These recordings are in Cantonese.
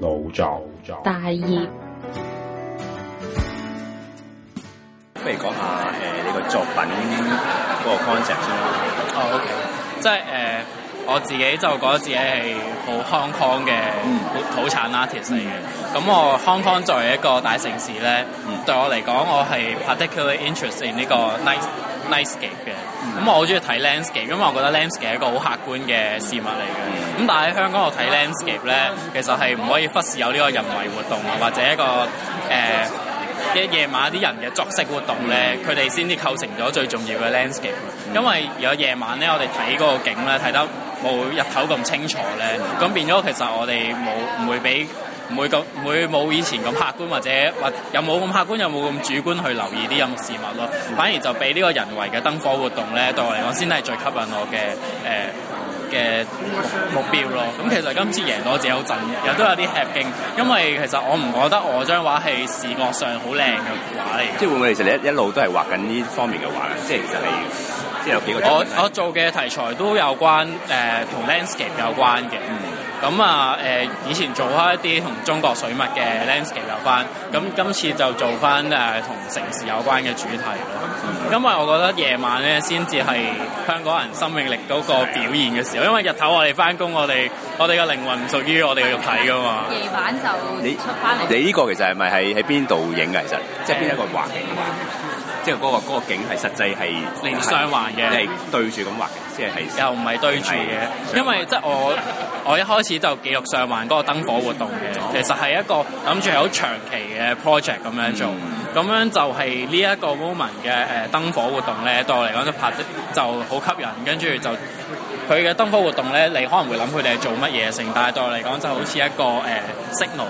腦作大業。不如講下誒呢個作品嗰個 concept 先。哦，OK，即係誒我自己就覺得自己係好 Hong Kong 嘅土土產 artist 嚟嘅。咁我 Hong Kong 作為一個大城市咧，對我嚟講，我係 particularly interested in 呢個 nice。landscape 嘅，咁、mm hmm. 嗯、我好中意睇 landscape，因為我覺得 landscape 係一個好客觀嘅事物嚟嘅。咁、嗯、但係喺香港我睇 landscape 咧，其實係唔可以忽視有呢個人為活動啊，或者一個誒、呃，一夜晚啲人嘅作息活動咧，佢哋先至構成咗最重要嘅 landscape。Mm hmm. 因為如果夜晚咧，我哋睇嗰個景咧，睇得冇日頭咁清楚咧，咁變咗其實我哋冇唔會俾。每個唔會冇以前咁客觀，或者或又冇咁客觀，有冇咁主觀去留意啲咁事物咯。反而就俾呢個人為嘅燈火活動咧，對我嚟講先係最吸引我嘅誒嘅目標咯。咁其實今次贏咗我自己好震，又都有啲吃驚，因為其實我唔覺得我張畫係視覺上好靚嘅畫嚟。即係會唔會其實你一一路都係畫緊呢方面嘅畫咧？即係其實係即係有幾個我？我我做嘅題材都有關誒，同、呃、landscape 有關嘅。嗯咁啊，誒，以前做開一啲同中國水墨嘅 landscape 有關，咁今次就做翻誒同城市有關嘅主題咯。嗯、因為我覺得夜晚咧，先至係香港人生命力嗰個表現嘅時候。因為日頭我哋翻工，我哋我哋嘅靈魂唔屬於我哋嘅肉體噶嘛。夜晚就你出翻嚟。你呢個其實係咪喺喺邊度影嘅？其實、嗯、即係邊一個環境？即係嗰個嗰、嗰個景係實際係連上環嘅，你，你對住咁畫嘅。又唔係堆住嘅，因為即係我我一開始就記錄上環嗰個燈火活動嘅，其實係一個諗住係好長期嘅 project 咁樣做，咁、嗯、樣就係呢一個 moment 嘅誒燈火活動咧，對我嚟講都拍得就好吸引，跟住就佢嘅燈火活動咧，你可能會諗佢哋係做乜嘢成，但係對我嚟講就好似一個、呃、signal。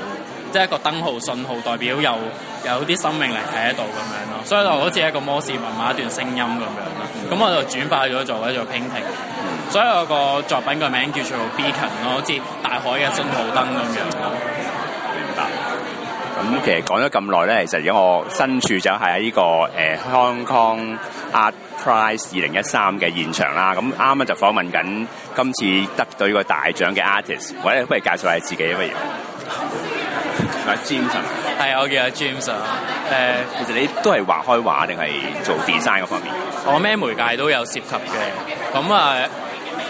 即係一個燈號、信號，代表有有啲生命嚟喺喺度咁樣咯，所以就好似一個摩斯密碼、一段聲音咁樣咯。咁我就轉化咗做一個拼圖，所以我個作品個名叫做 Beacon 咯，好似大海嘅信號燈咁樣咯。明白。咁其實講咗咁耐咧，其實而家我身處就係喺呢個誒、呃、Hong Kong Art Prize 二零一三嘅現場啦。咁啱啱就訪問緊今次得到呢個大獎嘅 artist，或者不如介紹下自己不如。阿、 啊、James，係、啊、我叫阿 James、啊。誒，其實你都係畫開畫定係做 design 嗰方面？我咩媒介都有涉及嘅。咁啊，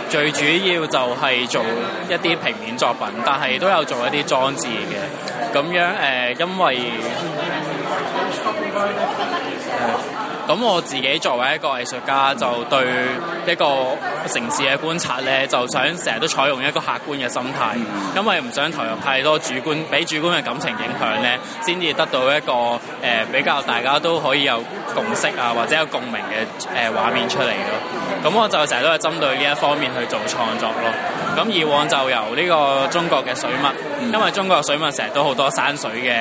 最主要就係做一啲平面作品，但係都有做一啲裝置嘅。咁樣誒、啊，因為。啊。咁我自己作為一個藝術家，就對一個城市嘅觀察呢，就想成日都採用一個客觀嘅心態，因為唔想投入太多主觀，俾主觀嘅感情影響呢，先至得到一個誒、呃、比較大家都可以有共識啊，或者有共鳴嘅誒畫面出嚟咯。咁我就成日都係針對呢一方面去做創作咯。咁以往就由呢個中國嘅水墨，因為中國水墨成日都好多山水嘅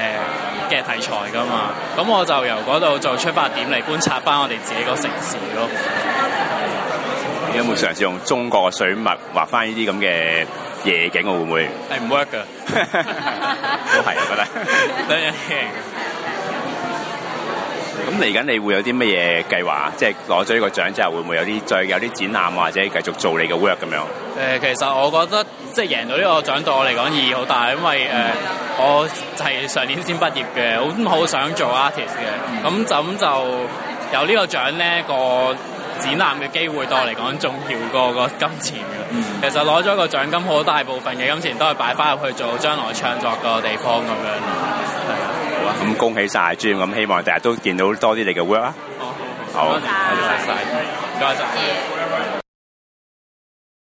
嘅題材㗎嘛。咁我就由嗰度做出發點嚟觀察翻我哋自己個城市咯。你有冇嘗試用中國嘅水墨畫翻呢啲咁嘅夜景？我會唔會？誒唔 work 㗎， 都係唔得，等一 咁嚟緊你會有啲乜嘢計劃？即係攞咗呢個獎之後，會唔會有啲再有啲展覽，或者繼續做你嘅 work 咁樣？誒，其實我覺得即係贏到呢個獎對我嚟講意義好大，因為誒、呃，我就係上年先畢業嘅，我都好想做 artist 嘅。咁咁就由呢個獎咧、呢個展覽嘅機會對我嚟講重要過個金錢嘅。嗯、其實攞咗個獎金，好大部分嘅金錢都係擺翻入去做將來創作個地方咁樣。咁恭喜曬，Jim，咁希望第日都見到多啲你嘅 work 啊！好，多謝曬，唔該曬。